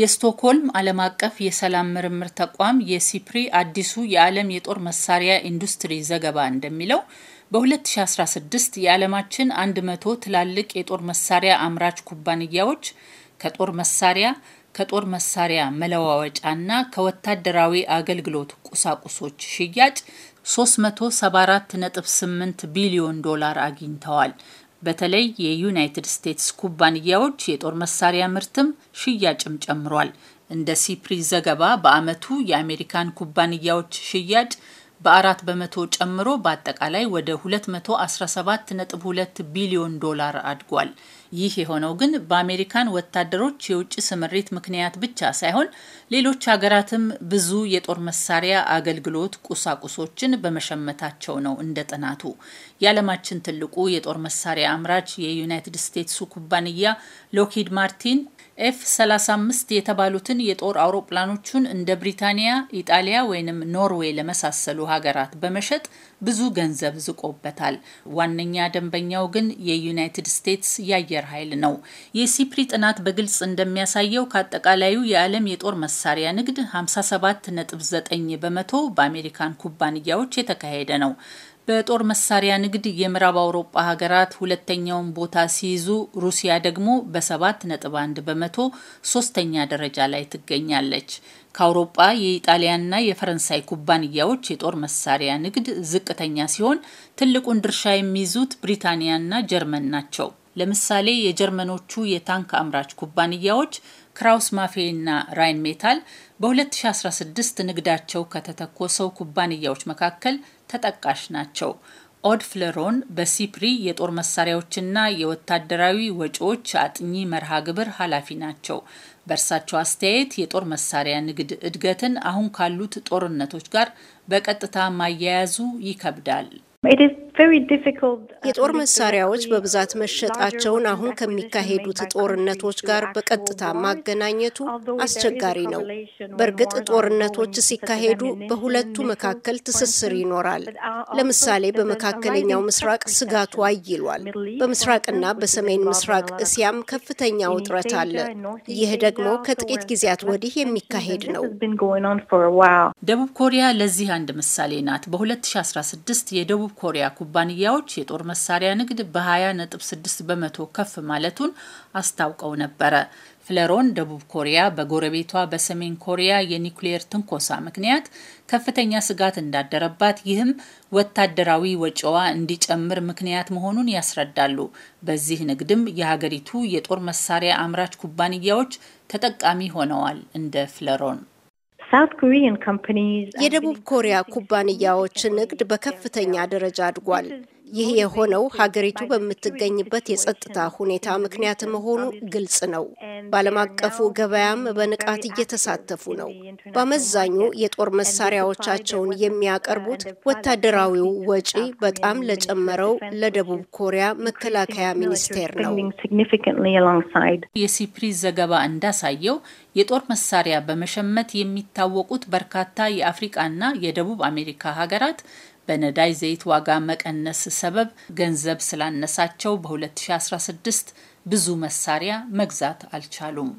የስቶክሆልም ዓለም አቀፍ የሰላም ምርምር ተቋም የሲፕሪ አዲሱ የዓለም የጦር መሳሪያ ኢንዱስትሪ ዘገባ እንደሚለው በ2016 የዓለማችን 100 ትላልቅ የጦር መሳሪያ አምራች ኩባንያዎች ከጦር መሳሪያ ከጦር መሳሪያ መለዋወጫና ከወታደራዊ አገልግሎት ቁሳቁሶች ሽያጭ 374.8 ቢሊዮን ዶላር አግኝተዋል። በተለይ የዩናይትድ ስቴትስ ኩባንያዎች የጦር መሳሪያ ምርትም ሽያጭም ጨምሯል። እንደ ሲፕሪ ዘገባ በአመቱ የአሜሪካን ኩባንያዎች ሽያጭ በአራት በመቶ ጨምሮ በአጠቃላይ ወደ 217.2 ቢሊዮን ዶላር አድጓል። ይህ የሆነው ግን በአሜሪካን ወታደሮች የውጭ ስምሪት ምክንያት ብቻ ሳይሆን ሌሎች ሀገራትም ብዙ የጦር መሳሪያ አገልግሎት ቁሳቁሶችን በመሸመታቸው ነው። እንደ ጥናቱ የዓለማችን ትልቁ የጦር መሳሪያ አምራች የዩናይትድ ስቴትሱ ኩባንያ ሎኪድ ማርቲን ኤፍ 35 የተባሉትን የጦር አውሮፕላኖቹን እንደ ብሪታንያ፣ ኢጣሊያ ወይንም ኖርዌይ ለመሳሰሉ ሀገራት በመሸጥ ብዙ ገንዘብ ዝቆበታል። ዋነኛ ደንበኛው ግን የዩናይትድ ስቴትስ ያየ አየር ኃይል ነው። የሲፕሪ ጥናት በግልጽ እንደሚያሳየው ከአጠቃላዩ የዓለም የጦር መሳሪያ ንግድ 57.9 በመቶ በአሜሪካን ኩባንያዎች የተካሄደ ነው። በጦር መሳሪያ ንግድ የምዕራብ አውሮጳ ሀገራት ሁለተኛውን ቦታ ሲይዙ ሩሲያ ደግሞ በሰባት ነጥብ አንድ በመቶ ሶስተኛ ደረጃ ላይ ትገኛለች። ከአውሮጳ የኢጣሊያና የፈረንሳይ ኩባንያዎች የጦር መሳሪያ ንግድ ዝቅተኛ ሲሆን ትልቁን ድርሻ የሚይዙት ብሪታንያና ጀርመን ናቸው። ለምሳሌ የጀርመኖቹ የታንክ አምራች ኩባንያዎች ክራውስ እና ራይን ሜታል በ2016 ንግዳቸው ከተተኮሰው ኩባንያዎች መካከል ተጠቃሽ ናቸው። ኦድ ፍለሮን በሲፕሪ የጦር መሳሪያዎችና የወታደራዊ ወጪዎች አጥኚ መርሃ ግብር ኃላፊ ናቸው። በእርሳቸው አስተያየት የጦር መሳሪያ ንግድ እድገትን አሁን ካሉት ጦርነቶች ጋር በቀጥታ ማያያዙ ይከብዳል። Uh, የጦር መሳሪያዎች በብዛት መሸጣቸውን አሁን ከሚካሄዱት ጦርነቶች ጋር በቀጥታ ማገናኘቱ አስቸጋሪ ነው። በእርግጥ ጦርነቶች ሲካሄዱ በሁለቱ መካከል ትስስር ይኖራል። ለምሳሌ uh, በመካከለኛው ምስራቅ ስጋቱ አይሏል። በምስራቅና በሰሜን ምስራቅ እስያም ከፍተኛ ውጥረት አለ። ይህ ደግሞ ከጥቂት ጊዜያት ወዲህ የሚካሄድ ነው። ደቡብ ኮሪያ ለዚህ አንድ ምሳሌ ናት። በ2016 የደቡብ ኮሪያ ኩባንያዎች የጦር መሳሪያ ንግድ በ 6 በመቶ ከፍ ማለቱን አስታውቀው ነበረ። ፍለሮን ደቡብ ኮሪያ በጎረቤቷ በሰሜን ኮሪያ የኒውክሌየር ትንኮሳ ምክንያት ከፍተኛ ስጋት እንዳደረባት ይህም ወታደራዊ ወጪዋ እንዲጨምር ምክንያት መሆኑን ያስረዳሉ። በዚህ ንግድም የሀገሪቱ የጦር መሳሪያ አምራች ኩባንያዎች ተጠቃሚ ሆነዋል እንደ ፍለሮን የደቡብ ኮሪያ ኩባንያዎች ንግድ በከፍተኛ ደረጃ አድጓል። ይህ የሆነው ሀገሪቱ በምትገኝበት የጸጥታ ሁኔታ ምክንያት መሆኑ ግልጽ ነው። በዓለም አቀፉ ገበያም በንቃት እየተሳተፉ ነው። በአመዛኙ የጦር መሳሪያዎቻቸውን የሚያቀርቡት ወታደራዊው ወጪ በጣም ለጨመረው ለደቡብ ኮሪያ መከላከያ ሚኒስቴር ነው። የሲፕሪ ዘገባ እንዳሳየው የጦር መሳሪያ በመሸመት የሚታወቁት በርካታ የአፍሪቃና የደቡብ አሜሪካ ሀገራት በነዳጅ ዘይት ዋጋ መቀነስ ሰበብ ገንዘብ ስላነሳቸው በ2016 ብዙ መሳሪያ መግዛት አልቻሉም።